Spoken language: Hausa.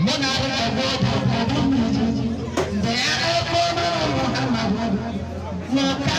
muna da gode da ya ɗauko mana Muhammadu.